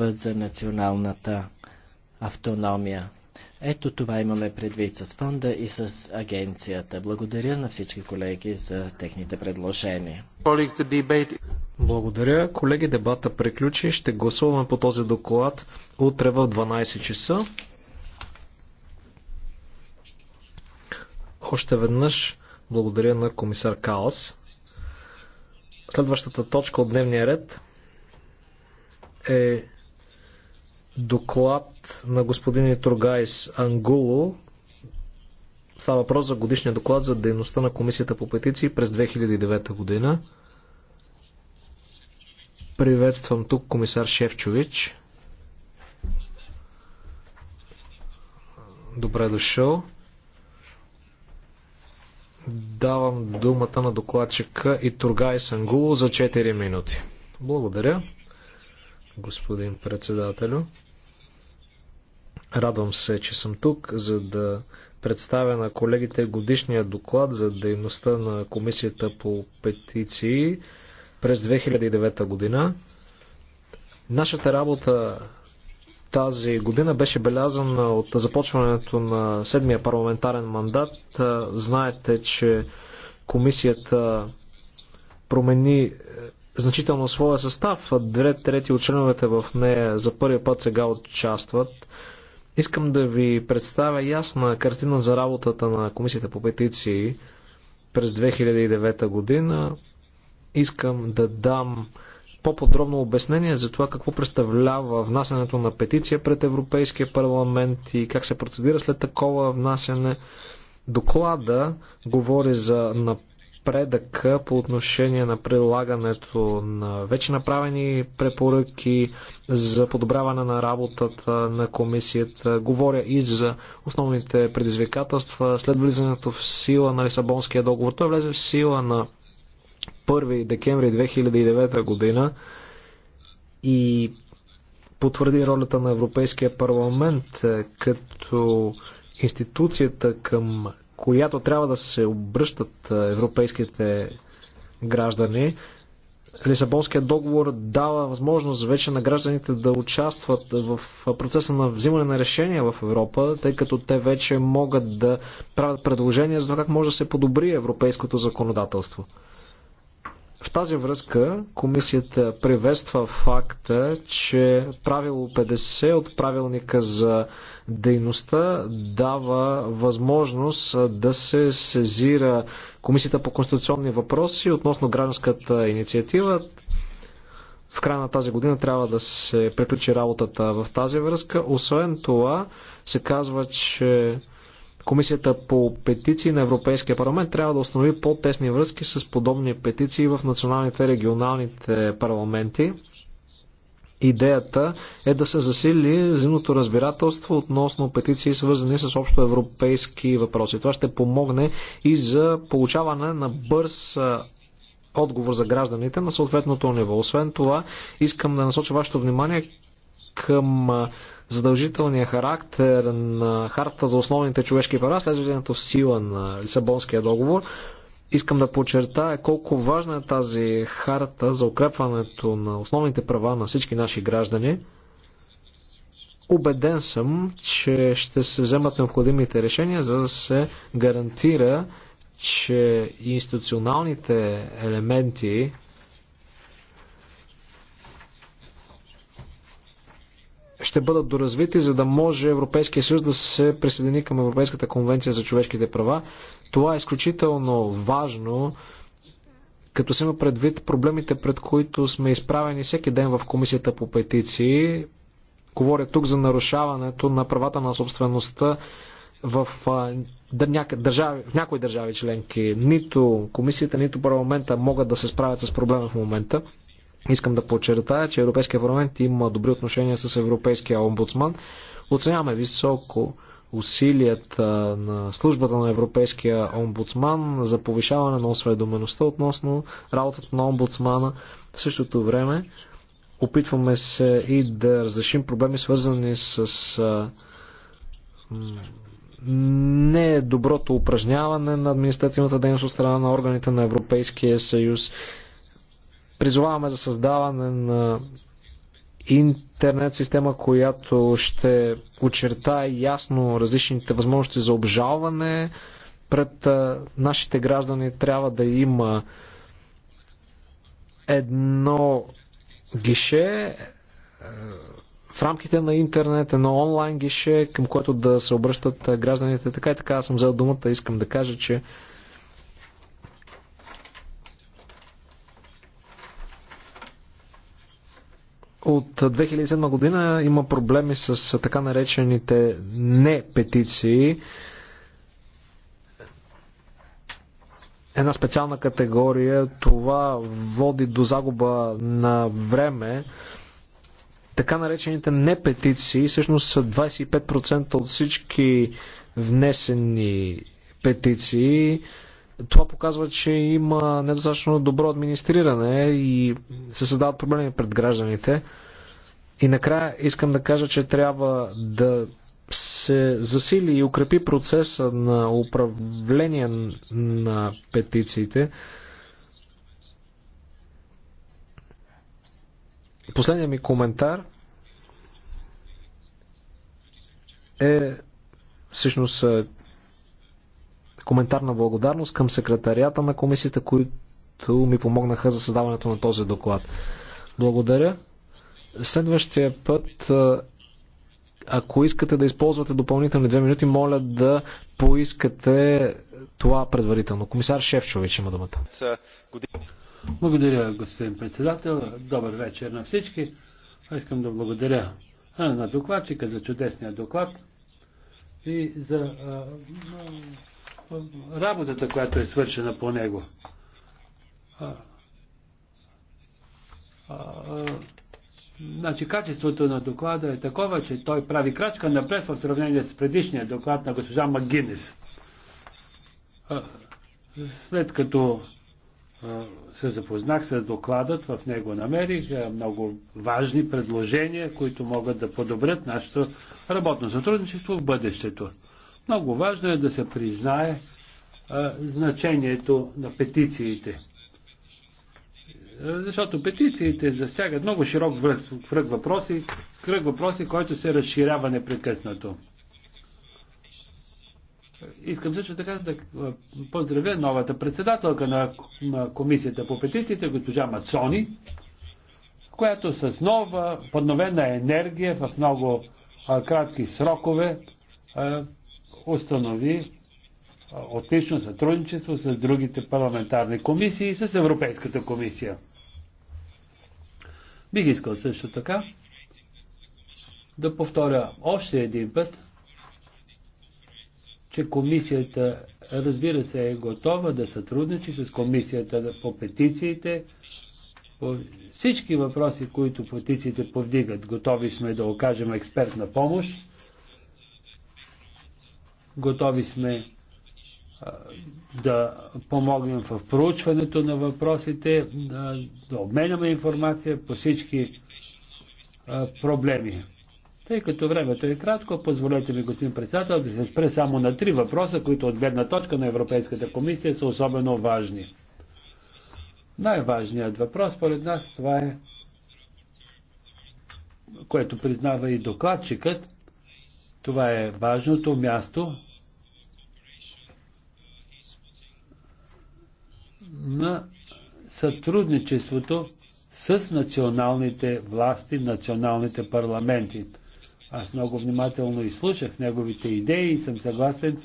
жертват за националната автономия. Ето това имаме предвид с фонда и с агенцията. Благодаря на всички колеги за техните предложения. Благодаря. Колеги, дебата приключи. Ще гласуваме по този доклад утре в 12 часа. Още веднъж благодаря на комисар Калас. Следващата точка от дневния ред е доклад на господин Тургайс Ангуло. Става въпрос за годишния доклад за дейността на Комисията по петиции през 2009 година. Приветствам тук комисар Шевчович. Добре дошъл. Давам думата на докладчика и Тургай Сангуло за 4 минути. Благодаря господин председателю. Радвам се, че съм тук, за да представя на колегите годишния доклад за дейността на Комисията по петиции през 2009 година. Нашата работа тази година беше белязана от започването на седмия парламентарен мандат. Знаете, че комисията промени значително своя състав. Две трети от членовете в нея за първи път сега участват. Искам да ви представя ясна картина за работата на Комисията по петиции през 2009 година. Искам да дам по-подробно обяснение за това какво представлява внасянето на петиция пред Европейския парламент и как се процедира след такова внасяне. Доклада говори за напредък напредък по отношение на прилагането на вече направени препоръки за подобряване на работата на комисията. Говоря и за основните предизвикателства след влизането в сила на Лисабонския договор. Той влезе в сила на 1 декември 2009 година и потвърди ролята на Европейския парламент е, като институцията към която трябва да се обръщат европейските граждани. Лисабонският договор дава възможност вече на гражданите да участват в процеса на взимане на решения в Европа, тъй като те вече могат да правят предложения за това как може да се подобри европейското законодателство. В тази връзка комисията приветства факта, че правило 50 от правилника за дейността дава възможност да се сезира комисията по конституционни въпроси относно гражданската инициатива. В края на тази година трябва да се приключи работата в тази връзка. Освен това, се казва, че Комисията по петиции на Европейския парламент трябва да установи по-тесни връзки с подобни петиции в националните регионалните парламенти. Идеята е да се засили взаимното разбирателство относно петиции, свързани с общо европейски въпроси. Това ще помогне и за получаване на бърз отговор за гражданите на съответното ниво. Освен това, искам да насоча вашето внимание към задължителния характер на Хартата за основните човешки права, след в сила на Лисабонския договор, искам да подчертая колко важна е тази харта за укрепването на основните права на всички наши граждани. Обеден съм, че ще се вземат необходимите решения, за да се гарантира, че институционалните елементи ще бъдат доразвити, за да може Европейския съюз да се присъедини към Европейската конвенция за човешките права. Това е изключително важно, като се има предвид проблемите, пред които сме изправени всеки ден в Комисията по петиции. Говоря тук за нарушаването на правата на собствеността в, в някои държави членки. Нито комисията, нито парламента могат да се справят с проблема в момента. Искам да подчертая, че Европейския парламент има добри отношения с Европейския омбудсман. Оценяваме високо усилията на службата на Европейския омбудсман за повишаване на осведомеността относно работата на омбудсмана. В същото време опитваме се и да разрешим проблеми, свързани с недоброто упражняване на административната дейност от страна на органите на Европейския съюз. Призоваваме за създаване на интернет система, която ще очертае ясно различните възможности за обжалване пред нашите граждани. Трябва да има едно гише в рамките на интернет, едно онлайн гише, към което да се обръщат гражданите. Така и така аз съм взел думата. Искам да кажа, че от 2007 година има проблеми с така наречените не петиции. Една специална категория. Това води до загуба на време. Така наречените не петиции всъщност са 25% от всички внесени петиции това показва, че има недостатъчно добро администриране и се създават проблеми пред гражданите. И накрая искам да кажа, че трябва да се засили и укрепи процеса на управление на петициите. Последният ми коментар е всъщност коментар на благодарност към секретарията на комисията, които ми помогнаха за създаването на този доклад. Благодаря. Следващия път, ако искате да използвате допълнителни две минути, моля да поискате това предварително. Комисар Шефчович има думата. Благодаря, господин председател. Добър вечер на всички. Искам да благодаря на докладчика за чудесния доклад и за работата, която е свършена по него. А, а, значи качеството на доклада е такова, че той прави крачка напред в сравнение с предишния доклад на госпожа Магинес. след като се запознах с докладът, в него намерих много важни предложения, които могат да подобрят нашето работно сътрудничество в бъдещето. Много важно е да се признае а, значението на петициите. Защото петициите засягат много широк кръг въпроси, кръг въпроси, който се разширява непрекъснато. Искам също така да поздравя новата председателка на комисията по петициите, госпожа Мацони, която с нова, подновена енергия в много кратки срокове установи отлично сътрудничество с другите парламентарни комисии и с Европейската комисия. Бих искал също така да повторя още един път, че комисията, разбира се, е готова да сътрудничи с комисията по петициите, по всички въпроси, които петициите повдигат. Готови сме да окажем експертна помощ Готови сме да помогнем в проучването на въпросите, да, да обменяме информация по всички а, проблеми. Тъй като времето е кратко, позволете ми, господин председател, да се спре само на три въпроса, които от гледна точка на Европейската комисия са особено важни. Най-важният въпрос, поред нас, това е, което признава и докладчикът, това е важното място, на сътрудничеството с националните власти, националните парламенти. Аз много внимателно изслушах неговите идеи и съм съгласен,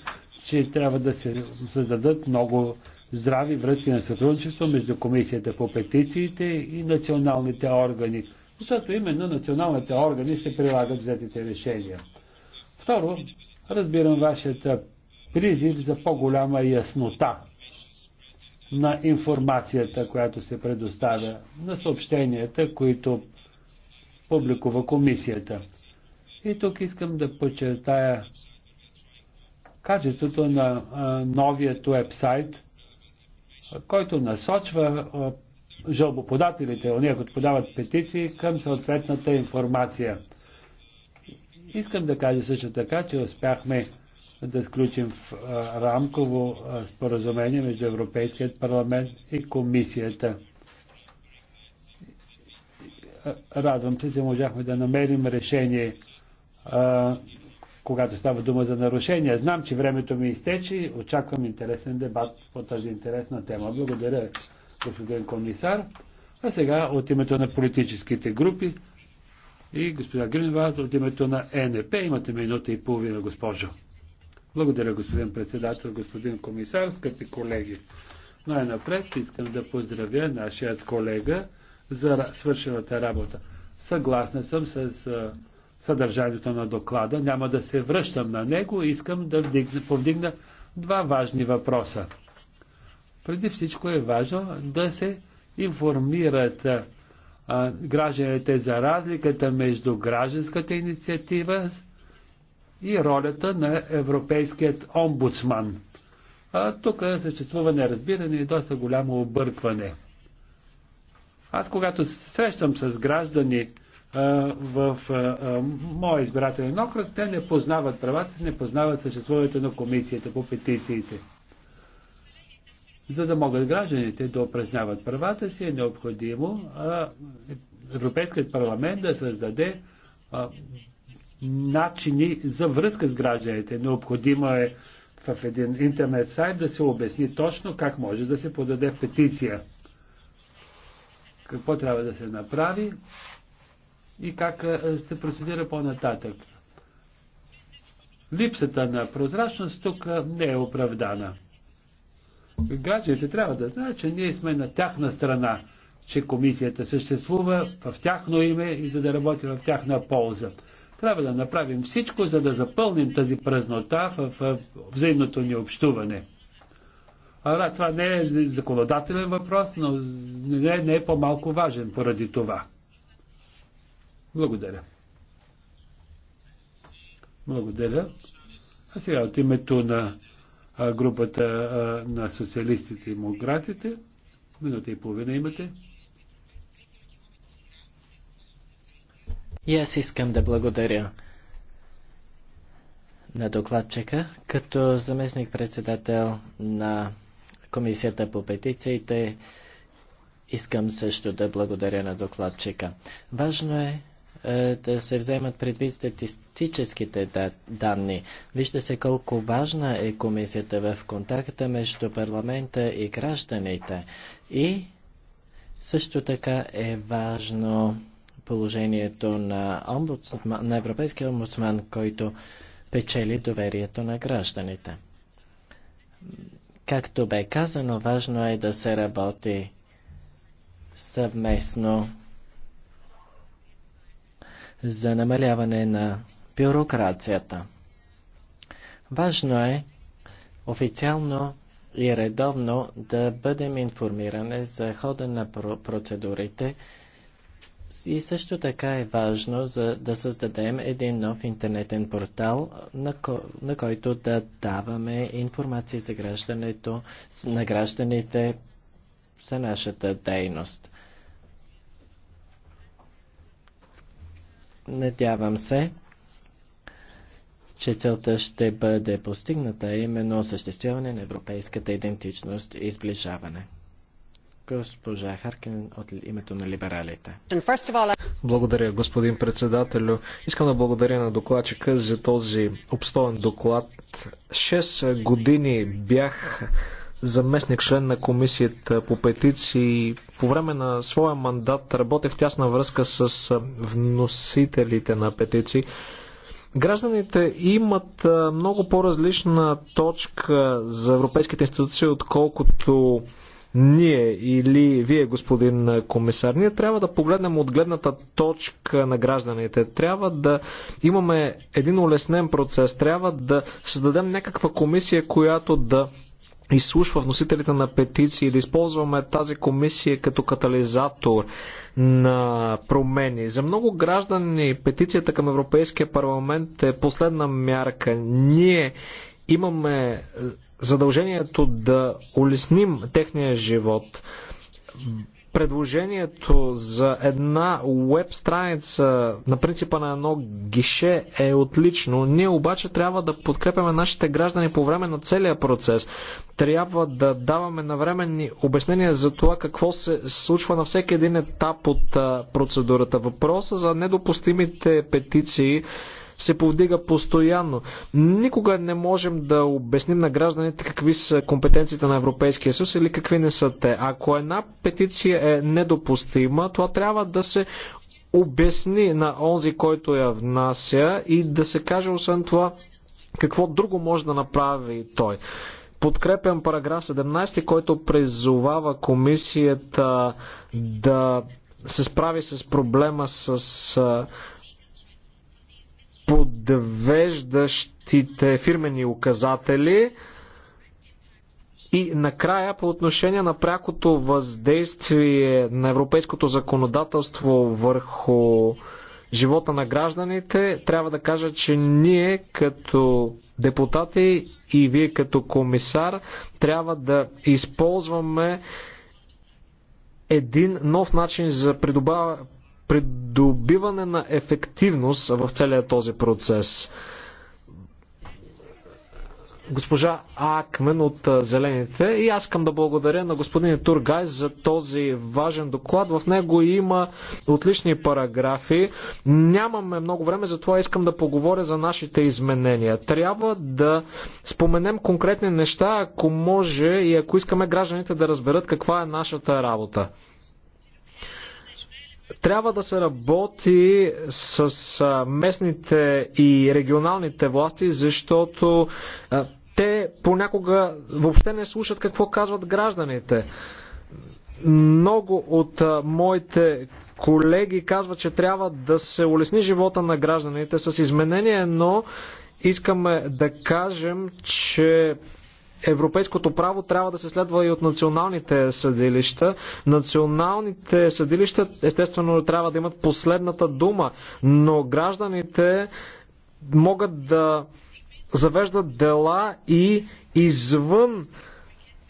че трябва да се създадат много здрави връзки на сътрудничество между Комисията по петициите и националните органи, защото именно националните органи ще прилагат взетите решения. Второ, разбирам вашата призив за по-голяма яснота на информацията, която се предоставя, на съобщенията, които публикува комисията. И тук искам да подчертая качеството на новият вебсайт, който насочва жалбоподателите, ония, които подават петиции, към съответната информация. Искам да кажа също така, че успяхме да сключим в рамково споразумение между Европейският парламент и комисията. Радвам се, че можахме да намерим решение, когато става дума за нарушения. Знам, че времето ми изтече. Очаквам интересен дебат по тази интересна тема. Благодаря, господин комисар. А сега от името на политическите групи и господин Гринвард от името на ЕНП. Имате минута и половина, госпожо. Благодаря, господин председател, господин комисар, скъпи колеги. Най-напред искам да поздравя нашият колега за свършената работа. Съгласна съм с съдържанието на доклада, няма да се връщам на него, искам да повдигна два важни въпроса. Преди всичко е важно да се информират гражданите за разликата между гражданската инициатива и ролята на Европейският омбудсман. А, тук съществува неразбиране и доста голямо объркване. Аз когато се срещам с граждани а, в а, моя избирателен окръг, те не познават правата, не познават съществуването на комисията по петициите. За да могат гражданите да упражняват правата си, е необходимо а, Европейският парламент да създаде а, начини за връзка с гражданите. Необходимо е в един интернет сайт да се обясни точно как може да се подаде петиция. Какво трябва да се направи и как се процедира по-нататък. Липсата на прозрачност тук не е оправдана. Гражданите трябва да знаят, че ние сме на тяхна страна, че комисията съществува в тяхно име и за да работи в тяхна полза. Трябва да направим всичко, за да запълним тази празнота в взаимното ни общуване. А, това не е законодателен въпрос, но не, не е по-малко важен поради това. Благодаря. Благодаря. А сега от името на групата на социалистите и демократите, минута и половина имате. И аз искам да благодаря на докладчика, като заместник-председател на Комисията по петициите. Искам също да благодаря на докладчика. Важно е, е да се вземат предвид статистическите данни. Вижте се колко важна е комисията в контакта между парламента и гражданите. И също така е важно положението на, омбудсман, на Европейския омбудсман, който печели доверието на гражданите. Както бе казано, важно е да се работи съвместно за намаляване на бюрокрацията. Важно е официално и редовно да бъдем информирани за хода на процедурите и също така е важно за да създадем един нов интернетен портал, на, ко, на който да даваме информация за граждането, на гражданите за нашата дейност. Надявам се, че целта ще бъде постигната, именно осъществяване на европейската идентичност и сближаване. Госпожа Харкин от името на либералите. Благодаря, господин председателю. Искам да благодаря на докладчика за този обстоен доклад. Шест години бях заместник член на комисията по петиции. По време на своя мандат работех в тясна връзка с вносителите на петиции. Гражданите имат много по-различна точка за европейските институции, отколкото ние или вие, господин комисар, ние трябва да погледнем от гледната точка на гражданите. Трябва да имаме един улеснен процес. Трябва да създадем някаква комисия, която да изслушва вносителите на петиции, да използваме тази комисия като катализатор на промени. За много граждани петицията към Европейския парламент е последна мярка. Ние имаме задължението да улесним техния живот. Предложението за една веб страница на принципа на едно гише е отлично. Ние обаче трябва да подкрепяме нашите граждани по време на целия процес. Трябва да даваме навременни обяснения за това какво се случва на всеки един етап от процедурата. Въпроса за недопустимите петиции се повдига постоянно. Никога не можем да обясним на гражданите какви са компетенциите на Европейския съюз или какви не са те. Ако една петиция е недопустима, това трябва да се обясни на онзи, който я внася и да се каже освен това какво друго може да направи той. Подкрепям параграф 17, който призовава комисията да се справи с проблема с подвеждащите фирмени указатели. И накрая, по отношение на прякото въздействие на европейското законодателство върху живота на гражданите, трябва да кажа, че ние като депутати и вие като комисар трябва да използваме един нов начин за придобиване на ефективност в целия този процес. Госпожа Акмен от Зелените и аз искам да благодаря на господин Тургай за този важен доклад. В него има отлични параграфи. Нямаме много време, затова искам да поговоря за нашите изменения. Трябва да споменем конкретни неща, ако може и ако искаме гражданите да разберат каква е нашата работа. Трябва да се работи с местните и регионалните власти, защото те понякога въобще не слушат какво казват гражданите. Много от моите колеги казват, че трябва да се улесни живота на гражданите с изменение, но искаме да кажем, че европейското право трябва да се следва и от националните съдилища. Националните съдилища, естествено, трябва да имат последната дума, но гражданите могат да завеждат дела и извън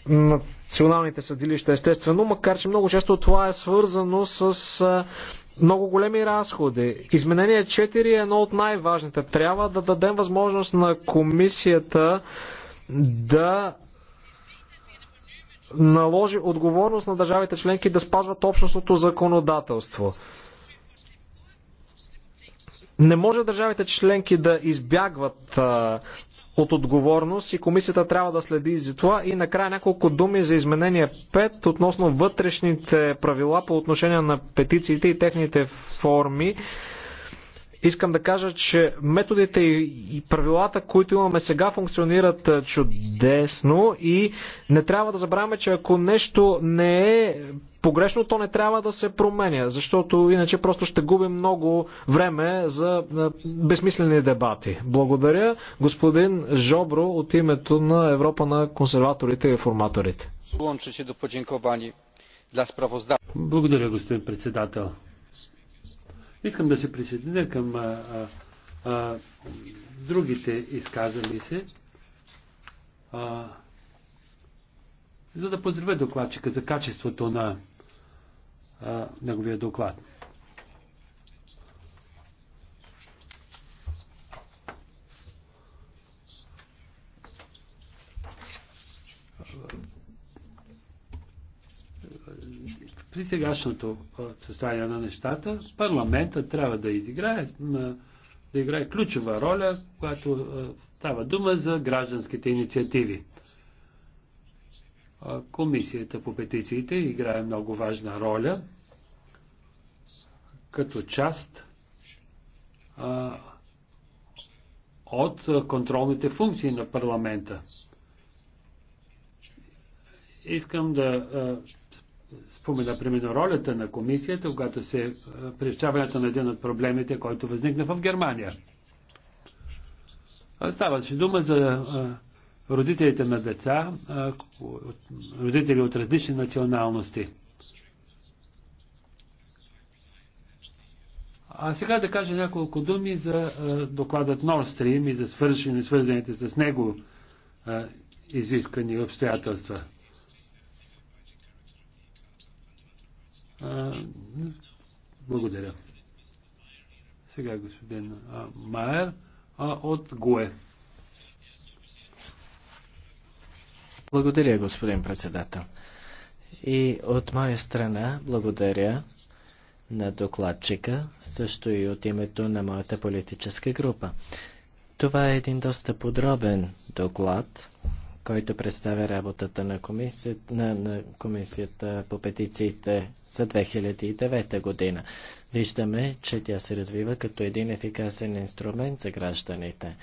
националните съдилища, естествено, макар че много често това е свързано с много големи разходи. Изменение 4 е едно от най-важните. Трябва да дадем възможност на комисията да наложи отговорност на държавите членки да спазват общностното законодателство. Не може държавите членки да избягват а, от отговорност и комисията трябва да следи за това. И накрая няколко думи за изменение 5 относно вътрешните правила по отношение на петициите и техните форми. Искам да кажа, че методите и правилата, които имаме сега, функционират чудесно и не трябва да забравяме, че ако нещо не е погрешно, то не трябва да се променя, защото иначе просто ще губим много време за безсмислени дебати. Благодаря господин Жобро от името на Европа на консерваторите и реформаторите. Благодаря, господин председател. Искам да се присъединя към а, а, другите изказали се, а, за да поздравя докладчика за качеството на а, неговия доклад. при сегашното състояние на нещата парламента трябва да изиграе, да играе ключова роля, която става дума за гражданските инициативи. Комисията по петициите играе много важна роля като част а, от контролните функции на парламента. Искам да а, спомена примерно ролята на комисията, когато се решаването на един от проблемите, който възникна в Германия. Ставаше дума за родителите на деца, родители от различни националности. А сега да кажа няколко думи за докладът Nord Stream и за свързаните с него изискани обстоятелства. Благодаря. Сега господин Майер от ГУЕ. Благодаря, господин председател. И от моя страна благодаря на докладчика, също и от името на моята политическа група. Това е един доста подробен доклад, който представя работата на комисията, на, на комисията по петициите за 2009 година. Виждаме, че тя се развива като един ефикасен инструмент за гражданите.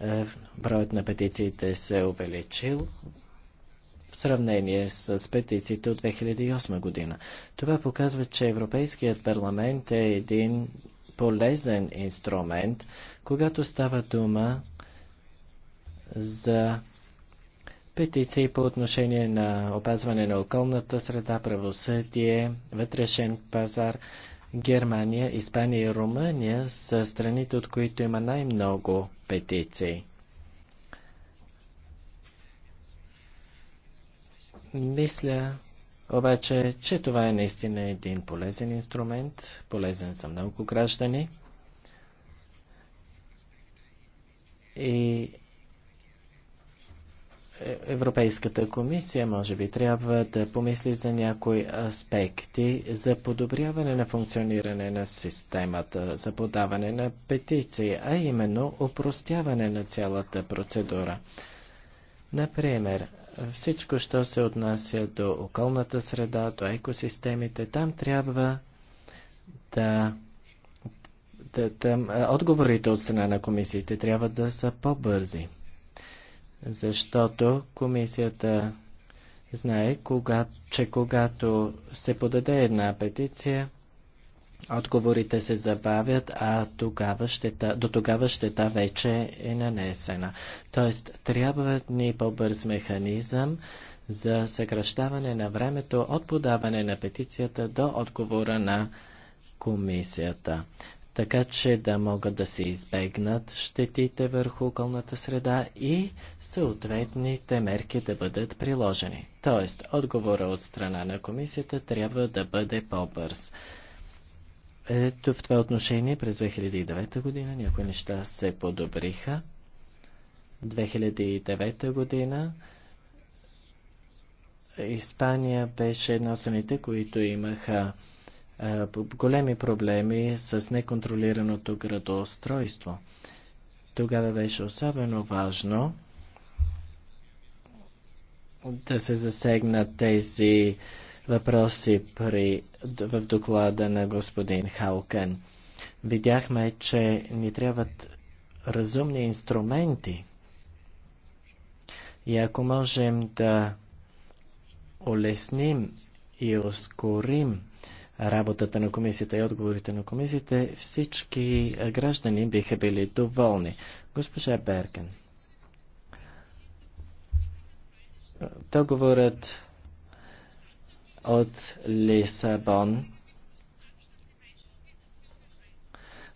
Е, броят на петициите се е увеличил в сравнение с петициите от 2008 година. Това показва, че Европейският парламент е един полезен инструмент, когато става дума за петиции по отношение на опазване на околната среда, правосъдие, вътрешен пазар. Германия, Испания и Румъния са страните, от които има най-много петиции. Мисля обаче, че това е наистина един полезен инструмент, полезен за много граждани. И Европейската комисия може би трябва да помисли за някои аспекти за подобряване на функциониране на системата за подаване на петиции, а именно упростяване на цялата процедура. Например, всичко, що се отнася до околната среда, до екосистемите, там трябва да да, да, отговорите от страна на комисиите трябва да са по-бързи защото комисията знае, кога, че когато се подаде една петиция, отговорите се забавят, а тогава щета, до тогава щета вече е нанесена. Тоест, трябва ни по-бърз механизъм за съкръщаване на времето от подаване на петицията до отговора на комисията така че да могат да се избегнат щетите върху околната среда и съответните мерки да бъдат приложени. Тоест, отговора от страна на комисията трябва да бъде по-бърз. Ето в това отношение през 2009 година някои неща се подобриха. 2009 година Испания беше една от страните, които имаха е, големи проблеми с неконтролираното градоустройство. Тогава беше особено важно да се засегнат тези въпроси при, в доклада на господин Халкен. Видяхме, че ни трябват разумни инструменти. И ако можем да улесним и ускорим работата на комисията и отговорите на комисията, всички граждани биха били доволни. Госпожа Берген, Договорът от Лисабон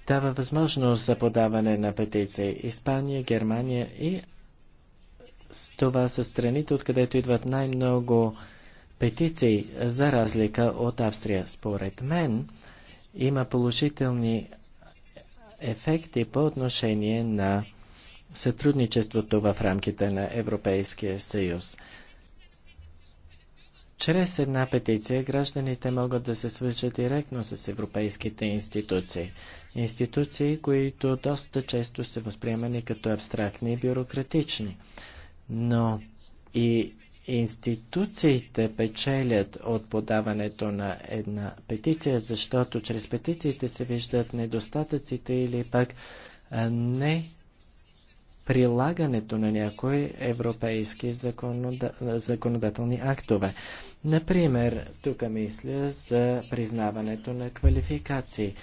дава възможност за подаване на петиции. Испания, Германия и това са страните, откъдето идват най-много петиции, за разлика от Австрия. Според мен има положителни ефекти по отношение на сътрудничеството в рамките на Европейския съюз. Чрез една петиция гражданите могат да се свържат директно с европейските институции. Институции, които доста често са възприемани като абстрактни и бюрократични. Но и институциите печелят от подаването на една петиция, защото чрез петициите се виждат недостатъците или пък не прилагането на някои европейски законодателни актове. Например, тук мисля за признаването на квалификации.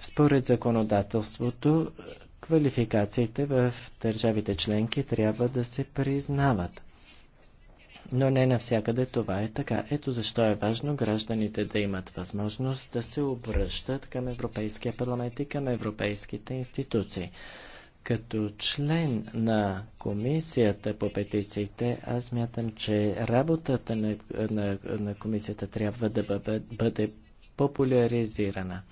Според законодателството, Квалификациите в държавите членки трябва да се признават. Но не навсякъде това е така. Ето защо е важно гражданите да имат възможност да се обръщат към Европейския парламент и към европейските институции. Като член на комисията по петициите, аз мятам, че работата на, на, на комисията трябва да бъде, бъде популяризирана.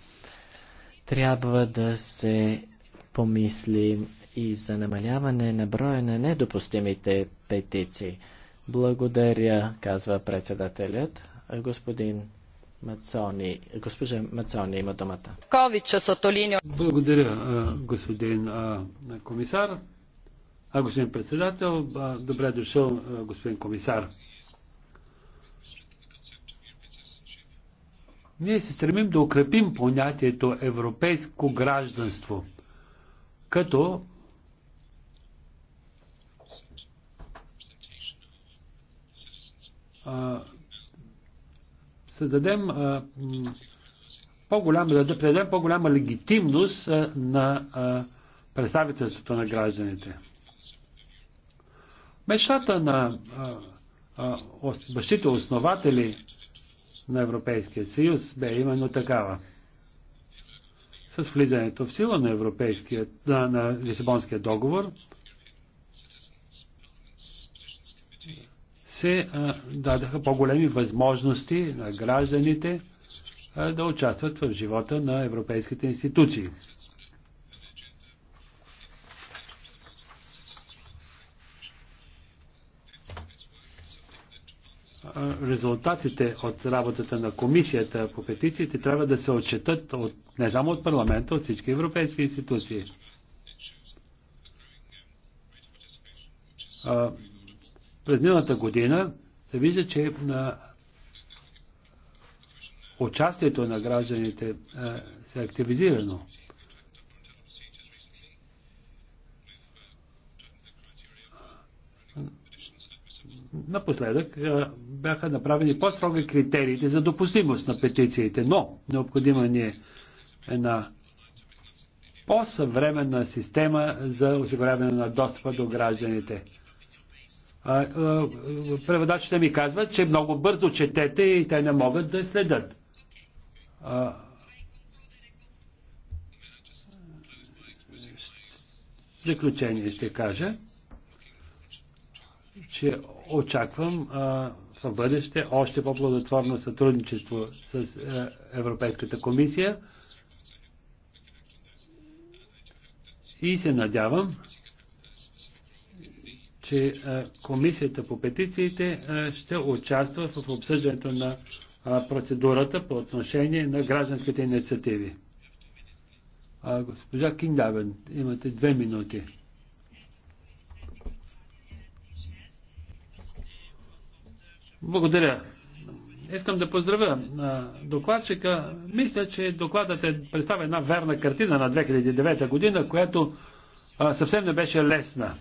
Трябва да се помислим и за намаляване на броя на недопустимите петиции. Благодаря, казва председателят. Господин Мацони, госпожа Мацони има думата. Ковича Благодаря, господин комисар. А, господин председател, добре дошъл, господин комисар. Ние се стремим да укрепим понятието европейско гражданство – като създадем по-голяма, да предадем по-голяма легитимност на представителството на гражданите. Мечтата на бащите основатели на Европейския съюз бе именно такава с влизането в сила на, европейския, на, на Лисабонския договор се а, дадаха по-големи възможности на гражданите а, да участват в живота на европейските институции. резултатите от работата на комисията по петициите трябва да се отчетат от, не само от парламента, от всички европейски институции. А, през миналата година се вижда, че на участието на гражданите се е активизирано. напоследък бяха направени по-строги критериите за допустимост на петициите, но необходима ни е една по-съвременна система за осигуряване на достъпа до гражданите. Преводачите ми казват, че много бързо четете и те не могат да следят. заключение ще кажа че очаквам в бъдеще още по-плодотворно сътрудничество с а, Европейската комисия и се надявам, че а, комисията по петициите а, ще участва в обсъждането на а, процедурата по отношение на гражданските инициативи. А, госпожа Киндабен, имате две минути. Благодаря. Искам да поздравя докладчика. Мисля, че докладът е представя една верна картина на 2009 година, която съвсем не беше лесна.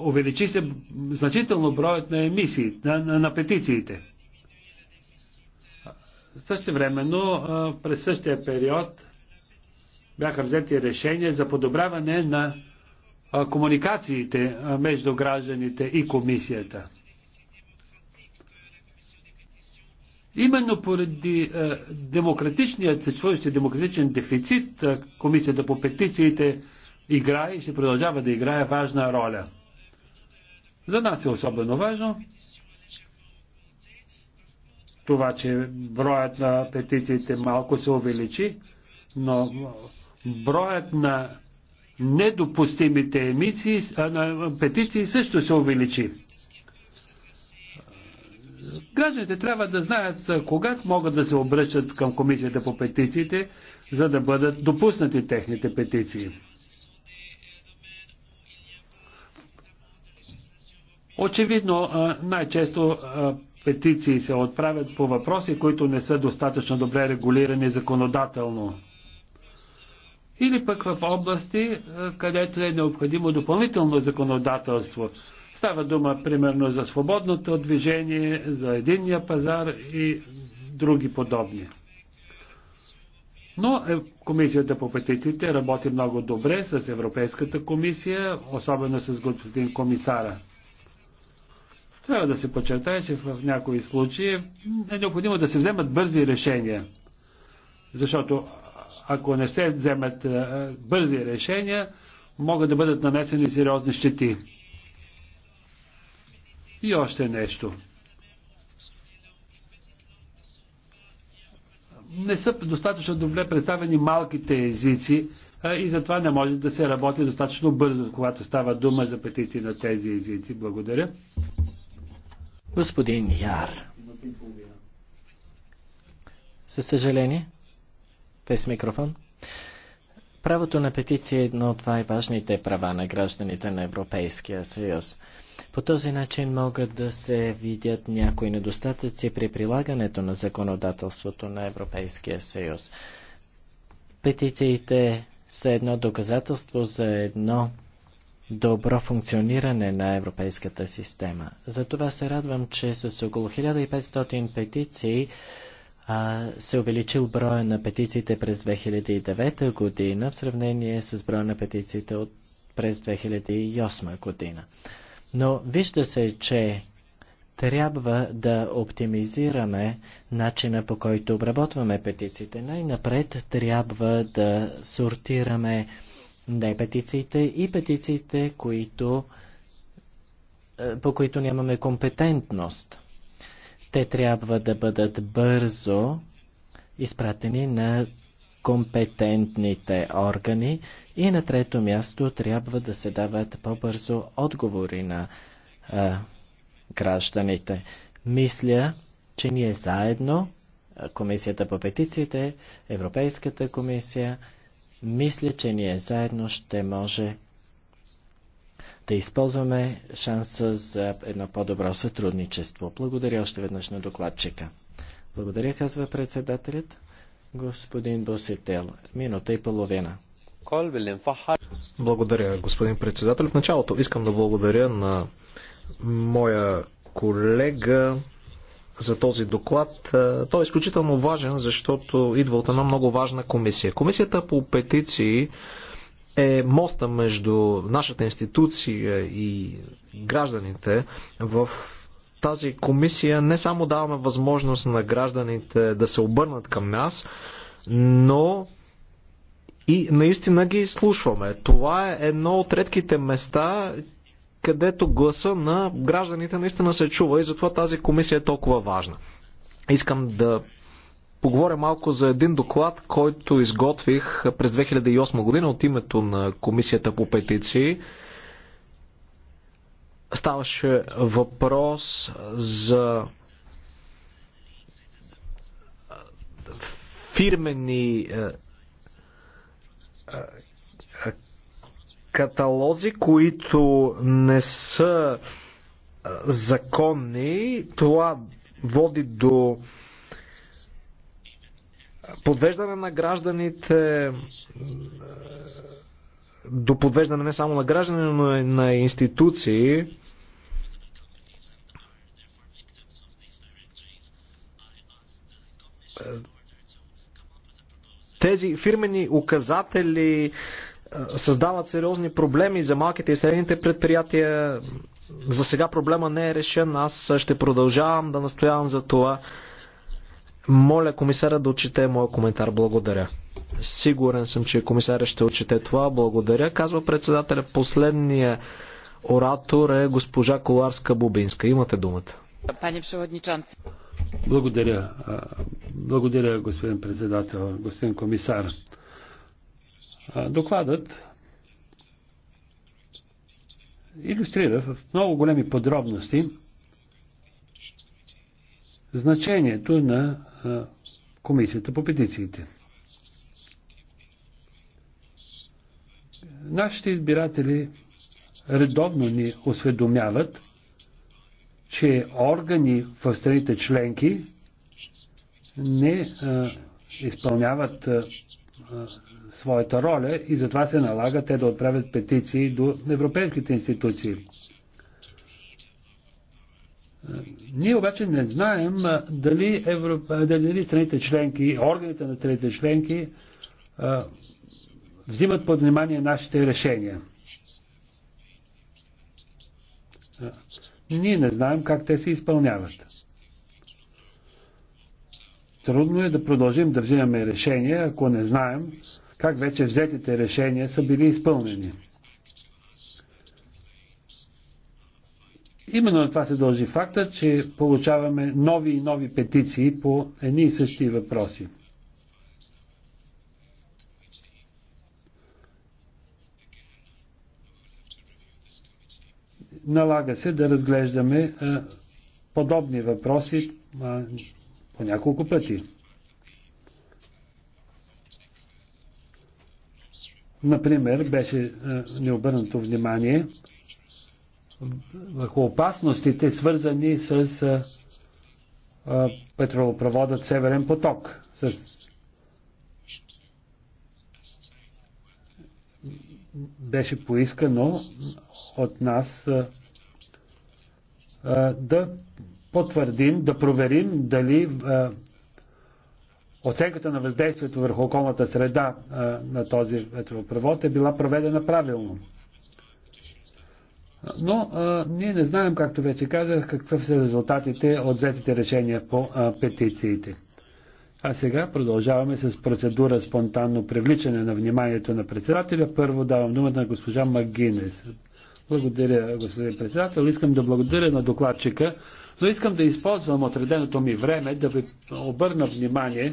Увеличи се значително броят на емисии, на, на, на петициите. Също времено, през същия период бяха взети решения за подобряване на комуникациите между гражданите и комисията. Именно поради демократичният, съществуващ демократичен дефицит, комисията по петициите играе и ще продължава да играе важна роля. За нас е особено важно това, че броят на петициите малко се увеличи, но броят на недопустимите емисии, а на петиции също се увеличи. Гражданите трябва да знаят кога могат да се обръщат към комисията по петициите, за да бъдат допуснати техните петиции. Очевидно, най-често петиции се отправят по въпроси, които не са достатъчно добре регулирани законодателно или пък в области, е, където е необходимо допълнително законодателство. Става дума примерно за свободното движение, за единния пазар и други подобни. Но е, Комисията по петициите работи много добре с Европейската комисия, особено с господин комисара. Трябва да се подчертая, че в някои случаи е необходимо да се вземат бързи решения. Защото ако не се вземат бързи решения, могат да бъдат нанесени сериозни щети. И още нещо. Не са достатъчно добре представени малките езици и затова не може да се работи достатъчно бързо, когато става дума за петиции на тези езици. Благодаря. Господин Яр. Със съжаление, без микрофон. Правото на петиция е едно от най-важните права на гражданите на Европейския съюз. По този начин могат да се видят някои недостатъци при прилагането на законодателството на Европейския съюз. Петициите са едно доказателство за едно добро функциониране на европейската система. Затова се радвам, че с около 1500 петиции а, се увеличил броя на петициите през 2009 година в сравнение с броя на петициите от през 2008 година. Но вижда се, че трябва да оптимизираме начина по който обработваме петициите. Най-напред трябва да сортираме не петициите и петициите, които, е, по които нямаме компетентност. Те трябва да бъдат бързо изпратени на компетентните органи и на трето място трябва да се дават по-бързо отговори на а, гражданите. Мисля, че ние заедно, Комисията по петициите, Европейската комисия, мисля, че ние заедно ще може да използваме шанса за едно по-добро сътрудничество. Благодаря още веднъж на докладчика. Благодаря, казва председателят. Господин Босетел, минута и половина. Благодаря, господин председател. В началото искам да благодаря на моя колега за този доклад. Той е изключително важен, защото идва от една много важна комисия. Комисията по петиции е моста между нашата институция и гражданите в тази комисия не само даваме възможност на гражданите да се обърнат към нас, но и наистина ги слушваме. Това е едно от редките места, където гласа на гражданите наистина се чува и затова тази комисия е толкова важна. Искам да поговоря малко за един доклад, който изготвих през 2008 година от името на Комисията по петиции. Ставаше въпрос за фирмени е, е, каталози, които не са е, законни. Това води до подвеждане на гражданите, до подвеждане не само на граждани, но и на институции. Тези фирмени указатели е, създават сериозни проблеми за малките и средните предприятия. За сега проблема не е решен. Аз ще продължавам да настоявам за това. Моля комисара да отчете моя коментар. Благодаря. Сигурен съм, че комисаря ще отчете това. Благодаря. Казва председателя. Последния оратор е госпожа Коларска-Бубинска. Имате думата. Пане Пшеводничанци. Благодаря. Благодаря, господин председател, господин комисар. Докладът иллюстрира в много големи подробности значението на Комисията по петициите. Нашите избиратели редовно ни осведомяват, че органи в страните членки не а, изпълняват а, а, своята роля и затова се налага те да отправят петиции до европейските институции. Е, ние обаче не знаем дали, Европа, дали страните членки, органите на страните членки взимат под внимание нашите решения. Е, ние не знаем как те се изпълняват. Трудно е да продължим да взимаме решения, ако не знаем как вече взетите решения са били изпълнени. Именно на това се дължи факта, че получаваме нови и нови петиции по едни и същи въпроси. Налага се да разглеждаме е, подобни въпроси е, по няколко пъти. Например, беше е, необърнато внимание, върху опасностите, свързани с а, а, петролопроводът Северен поток. С... Беше поискано от нас а, а, да потвърдим, да проверим дали а, оценката на въздействието върху околната среда а, на този петролопровод е била проведена правилно. Но а, ние не знаем, както вече казах, какви са резултатите от взетите решения по а, петициите. А сега продължаваме с процедура спонтанно привличане на вниманието на председателя. Първо давам думата на госпожа Магинес. Благодаря, господин председател. Искам да благодаря на докладчика, но искам да използвам отреденото ми време да ви обърна внимание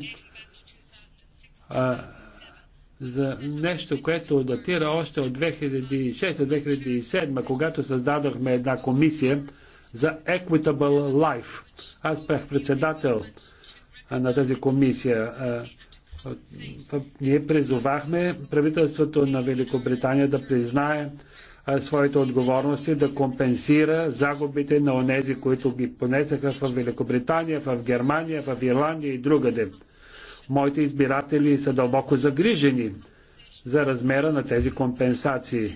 а, за нещо, което датира още от 2006-2007, когато създадохме една комисия за Equitable Life. Аз бях председател на тази комисия. Ние призовахме правителството на Великобритания да признае своите отговорности, да компенсира загубите на онези, които ги понесаха в Великобритания, в Германия, в Ирландия и другаде. Моите избиратели са дълбоко загрижени за размера на тези компенсации. Е,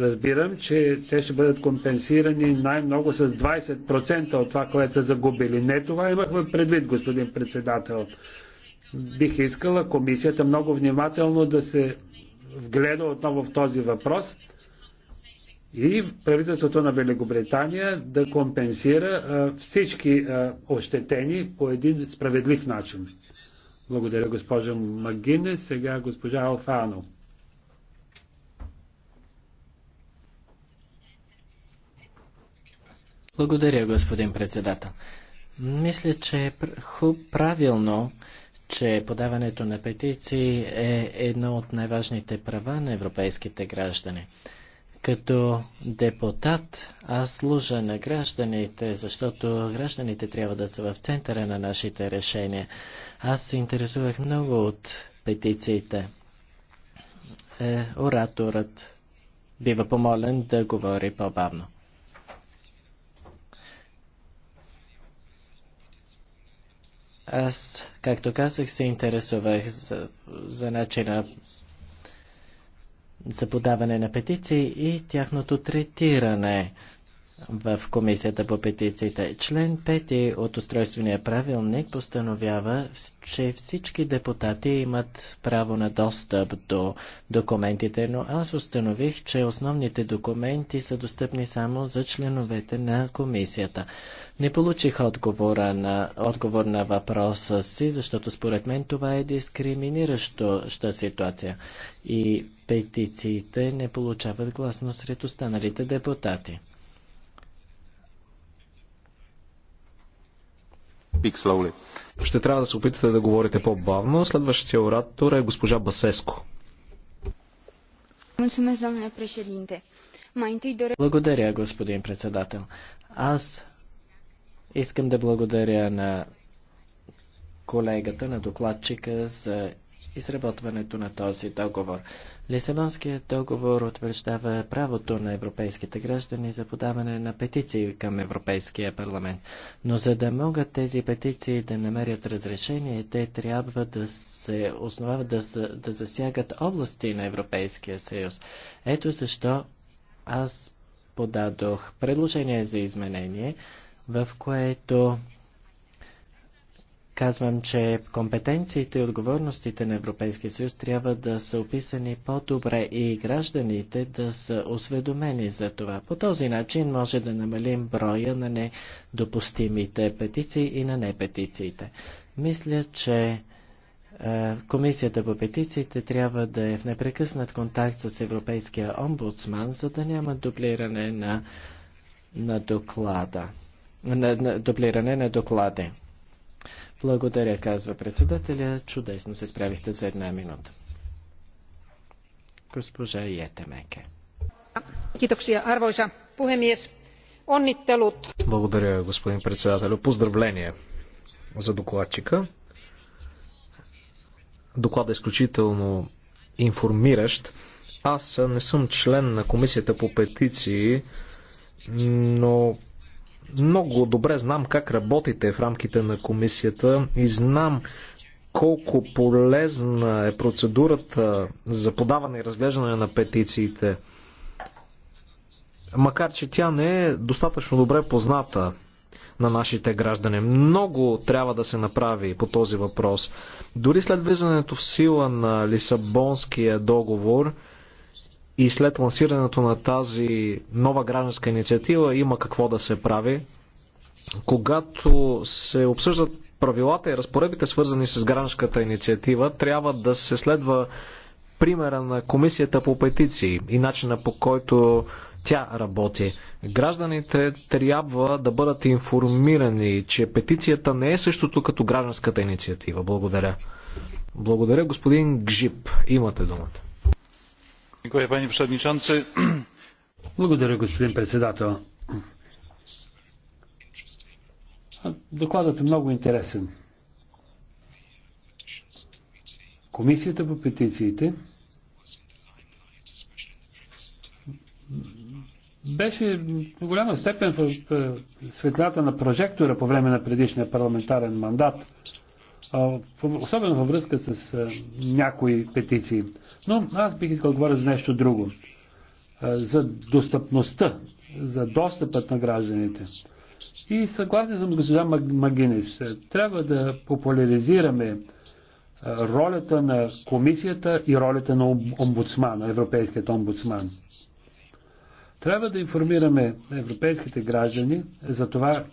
разбирам, че те ще бъдат компенсирани най-много с 20% от това, което са загубили. Не това имахме предвид, господин председател. Бих искала комисията много внимателно да се вгледа отново в този въпрос и правителството на Великобритания да компенсира е, всички е, ощетени по един справедлив начин. Благодаря, госпожа Магине. Сега госпожа Алфано. Благодаря, господин председател. Мисля, че е правилно, че подаването на петиции е едно от най-важните права на европейските граждани. Като депутат аз служа на гражданите, защото гражданите трябва да са в центъра на нашите решения. Аз се интересувах много от петициите. Е, ораторът бива помолен да говори по-бавно. Аз, както казах, се интересувах за, за начина за подаване на петиции и тяхното третиране в Комисията по петициите. Член 5 от устройствения правилник постановява, че всички депутати имат право на достъп до документите, но аз установих, че основните документи са достъпни само за членовете на комисията. Не получих отговора на, отговор на въпроса си, защото според мен това е дискриминираща ситуация. И петициите не получават гласно сред останалите депутати. Ще трябва да се опитате да говорите по-бавно. Следващия оратор е госпожа Басеско. Благодаря, господин председател. Аз искам да благодаря на колегата, на докладчика за изработването на този договор. Лисабонският договор утвърждава правото на европейските граждани за подаване на петиции към Европейския парламент. Но за да могат тези петиции да намерят разрешение, те трябва да се основават да, да засягат области на Европейския съюз. Ето защо аз подадох предложение за изменение, в което казвам, че компетенциите и отговорностите на Европейския съюз трябва да са описани по-добре и гражданите да са осведомени за това. По този начин може да намалим броя на недопустимите петиции и на непетициите. Мисля, че е, Комисията по петициите трябва да е в непрекъснат контакт с Европейския омбудсман, за да няма дублиране на, на доклада. На, на, дублиране на доклади. Благодаря, казва председателя. Чудесно се справихте за една минута. Госпожа Йетемеке. Благодаря, господин председател. Поздравление за докладчика. Докладът е изключително информиращ. Аз не съм член на комисията по петиции, но много добре знам как работите в рамките на комисията и знам колко полезна е процедурата за подаване и разглеждане на петициите. Макар, че тя не е достатъчно добре позната на нашите граждани. Много трябва да се направи по този въпрос. Дори след влизането в сила на Лисабонския договор, и след лансирането на тази нова гражданска инициатива има какво да се прави. Когато се обсъждат правилата и разпоредбите, свързани с гражданската инициатива, трябва да се следва примера на комисията по петиции и начина по който тя работи. Гражданите трябва да бъдат информирани, че петицията не е същото като гражданската инициатива. Благодаря. Благодаря, господин Гжип. Имате думата. Благодаря, господин председател. Докладът е много интересен. Комисията по петициите беше в голяма степен в е, светлята на прожектора по време на предишния парламентарен мандат особено във връзка с някои петиции. Но аз бих искал да говоря за нещо друго. За достъпността, за достъпът на гражданите. И съгласен съм с госпожа Магинес. Трябва да популяризираме ролята на комисията и ролята на омбудсмана, европейският омбудсман. Трябва да информираме европейските граждани за това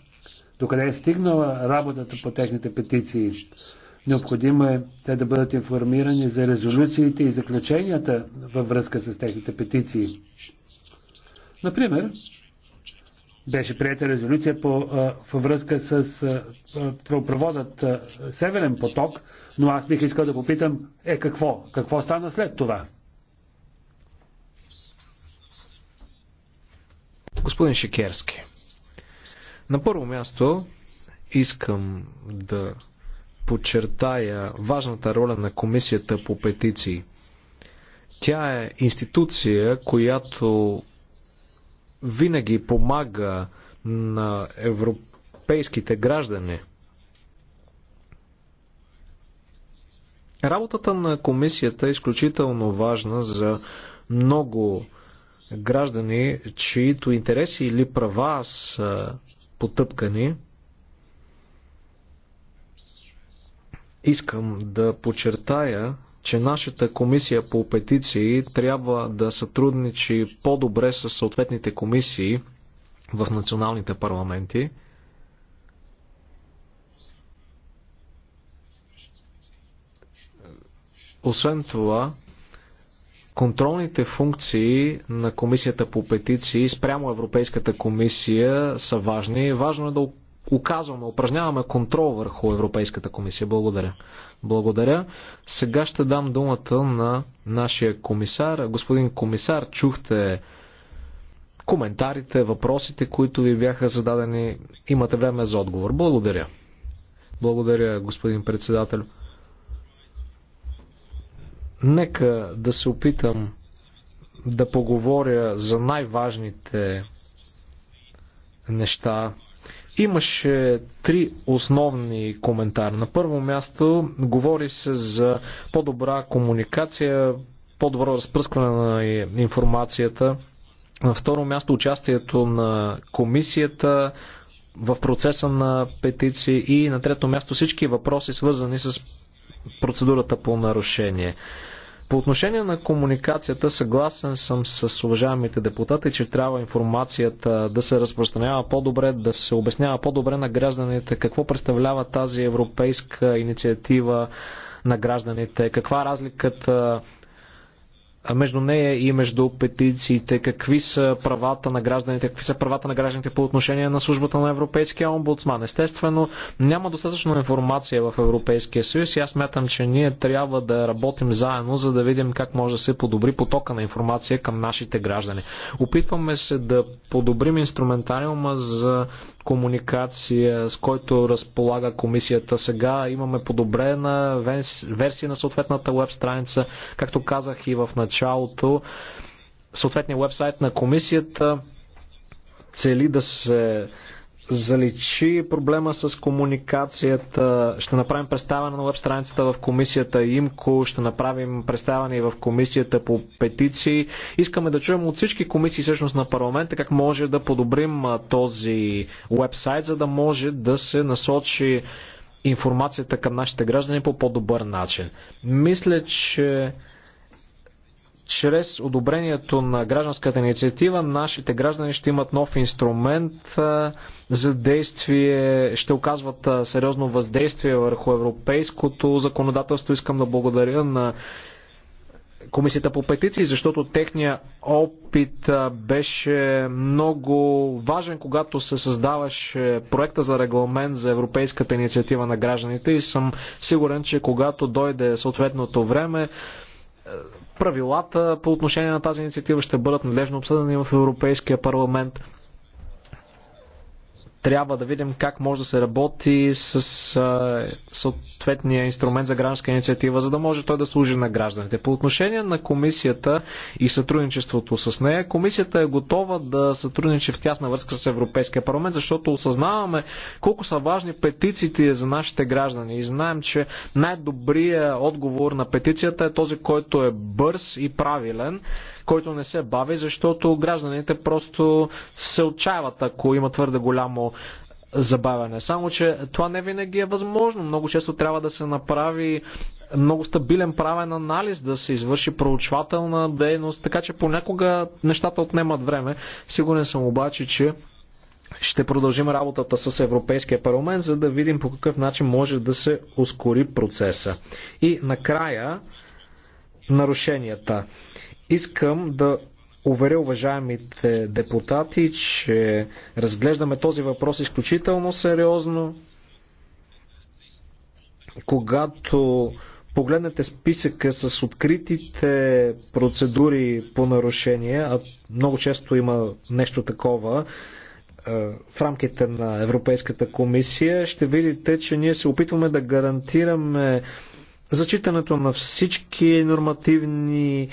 докъде е стигнала работата по техните петиции. Необходимо е те да бъдат информирани за резолюциите и заключенията във връзка с техните петиции. Например, беше прията резолюция по, а, във връзка с а, правопроводът а, Северен поток, но аз бих искал да попитам, е какво? Какво стана след това? Господин Шикерски. На първо място искам да подчертая важната роля на Комисията по петиции. Тя е институция, която винаги помага на европейските граждани. Работата на комисията е изключително важна за много граждани, чието интереси или права са потъпкане. Искам да подчертая, че нашата комисия по петиции трябва да сътрудничи по-добре с съответните комисии в националните парламенти. Освен това, Контролните функции на Комисията по петиции спрямо Европейската комисия са важни. Важно е да оказваме, упражняваме контрол върху Европейската комисия. Благодаря. Благодаря. Сега ще дам думата на нашия комисар. Господин комисар, чухте коментарите, въпросите, които ви бяха зададени. Имате време за отговор. Благодаря. Благодаря, господин председател. Нека да се опитам да поговоря за най-важните неща. Имаше три основни коментари. На първо място говори се за по-добра комуникация, по-добро разпръскване на информацията. На второ място участието на комисията в процеса на петиции и на трето място всички въпроси свързани с процедурата по нарушение. По отношение на комуникацията, съгласен съм с уважаемите депутати, че трябва информацията да се разпространява по-добре, да се обяснява по-добре на гражданите какво представлява тази европейска инициатива на гражданите, каква е разликата между нея и между петициите, какви са правата на гражданите, какви са правата на гражданите по отношение на службата на Европейския омбудсман. Естествено, няма достатъчно информация в Европейския съюз и аз мятам, че ние трябва да работим заедно, за да видим как може да се подобри потока на информация към нашите граждани. Опитваме се да подобрим инструментариума за комуникация, с който разполага комисията сега. Имаме подобрена версия на съответната веб страница, както казах и в началото началото. съответния вебсайт на комисията цели да се заличи проблема с комуникацията. Ще направим представяне на веб страницата в комисията ИМКО, ще направим представяне и в комисията по петиции. Искаме да чуем от всички комисии всъщност на парламента как може да подобрим този вебсайт, за да може да се насочи информацията към нашите граждани по по-добър начин. Мисля, че чрез одобрението на гражданската инициатива нашите граждани ще имат нов инструмент за действие, ще оказват сериозно въздействие върху европейското законодателство. Искам да благодаря на Комисията по петиции, защото техният опит беше много важен, когато се създаваше проекта за регламент за европейската инициатива на гражданите и съм сигурен, че когато дойде съответното време, Правилата по отношение на тази инициатива ще бъдат надлежно обсъдени в Европейския парламент трябва да видим как може да се работи с а, съответния инструмент за гражданска инициатива, за да може той да служи на гражданите. По отношение на комисията и сътрудничеството с нея, комисията е готова да сътрудничи в тясна връзка с Европейския парламент, защото осъзнаваме колко са важни петициите за нашите граждани и знаем, че най-добрият отговор на петицията е този, който е бърз и правилен който не се бави, защото гражданите просто се отчаяват, ако има твърде голямо забавяне. Само, че това не винаги е възможно. Много често трябва да се направи много стабилен правен анализ, да се извърши проучвателна дейност, така че понякога нещата отнемат време. Сигурен съм обаче, че ще продължим работата с Европейския парламент, за да видим по какъв начин може да се ускори процеса. И накрая нарушенията. Искам да уверя уважаемите депутати, че разглеждаме този въпрос изключително сериозно. Когато погледнете списъка с откритите процедури по нарушения, а много често има нещо такова е, в рамките на Европейската комисия, ще видите, че ние се опитваме да гарантираме зачитането на всички нормативни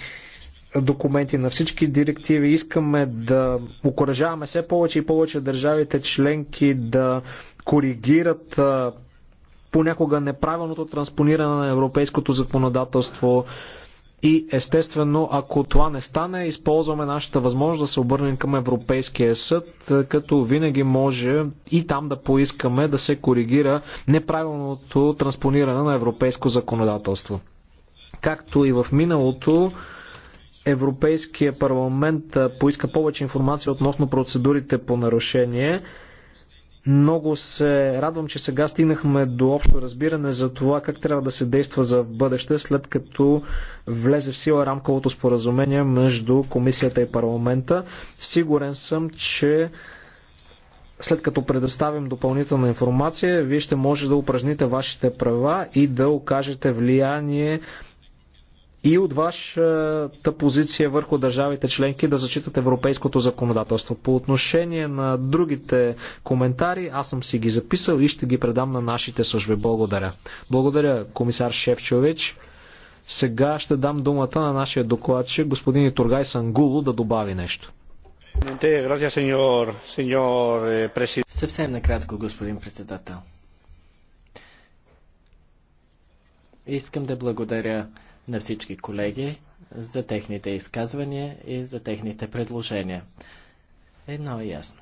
документи, на всички директиви. Искаме да окоръжаваме все повече и повече държавите членки да коригират понякога неправилното транспониране на европейското законодателство. И естествено, ако това не стане, използваме нашата възможност да се обърнем към Европейския съд, като винаги може и там да поискаме да се коригира неправилното транспониране на европейско законодателство. Както и в миналото, Европейския парламент поиска повече информация относно процедурите по нарушение. Много се радвам, че сега стигнахме до общо разбиране за това как трябва да се действа за в бъдеще, след като влезе в сила рамковото споразумение между комисията и парламента. Сигурен съм, че след като предоставим допълнителна информация, вие ще може да упражните вашите права и да окажете влияние и от вашата позиция върху държавите членки да зачитат европейското законодателство. По отношение на другите коментари, аз съм си ги записал и ще ги предам на нашите служби. Благодаря. Благодаря, комисар Шевчович. Сега ще дам думата на нашия докладчик, господин Тургай Сангуло, да добави нещо. Eh, Съвсем накратко, господин председател. Искам да благодаря на всички колеги за техните изказвания и за техните предложения. Едно е ясно.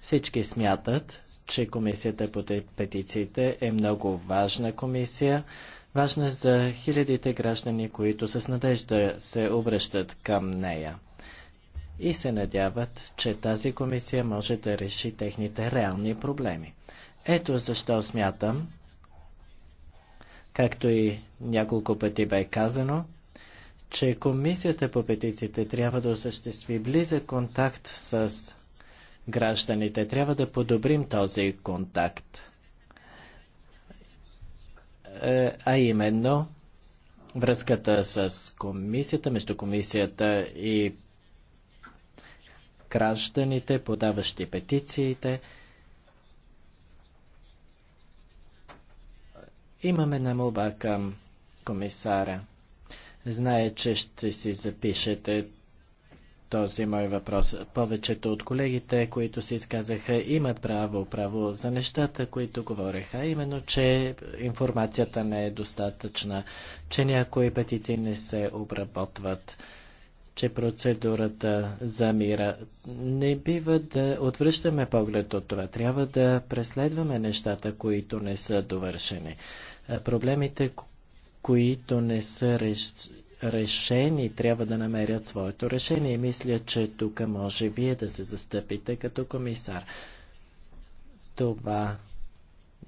Всички смятат, че комисията по петициите е много важна комисия, важна за хилядите граждани, които с надежда се обръщат към нея и се надяват, че тази комисия може да реши техните реални проблеми. Ето защо смятам, Както и няколко пъти бе казано, че Комисията по петициите трябва да осъществи близък контакт с гражданите. Трябва да подобрим този контакт. Е, а именно, връзката с комисията, между комисията и гражданите, подаващи петициите, Имаме една молба към комисара. Знае, че ще си запишете този мой въпрос. Повечето от колегите, които се изказаха, имат право, право за нещата, които говореха, именно, че информацията не е достатъчна, че някои петиции не се обработват, че процедурата замира. Не бива да отвръщаме поглед от това. Трябва да преследваме нещата, които не са довършени. Е, проблемите, които не са решени, трябва да намерят своето решение. Мисля, че тук може вие да се застъпите като комисар. Това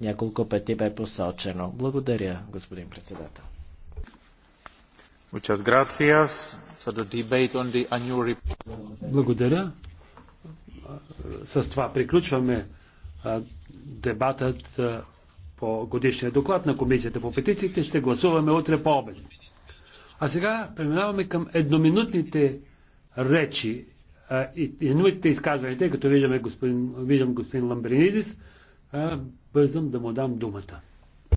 няколко пъти бе посочено. Благодаря, господин председател. Благодаря. С това приключваме дебатът по годишния доклад на Комисията по петициите. Ще гласуваме утре по обед. А сега преминаваме към едноминутните речи и едноминутните изказвания, тъй като виждаме господин, виждам господин Ламбринидис. бързам да му дам думата.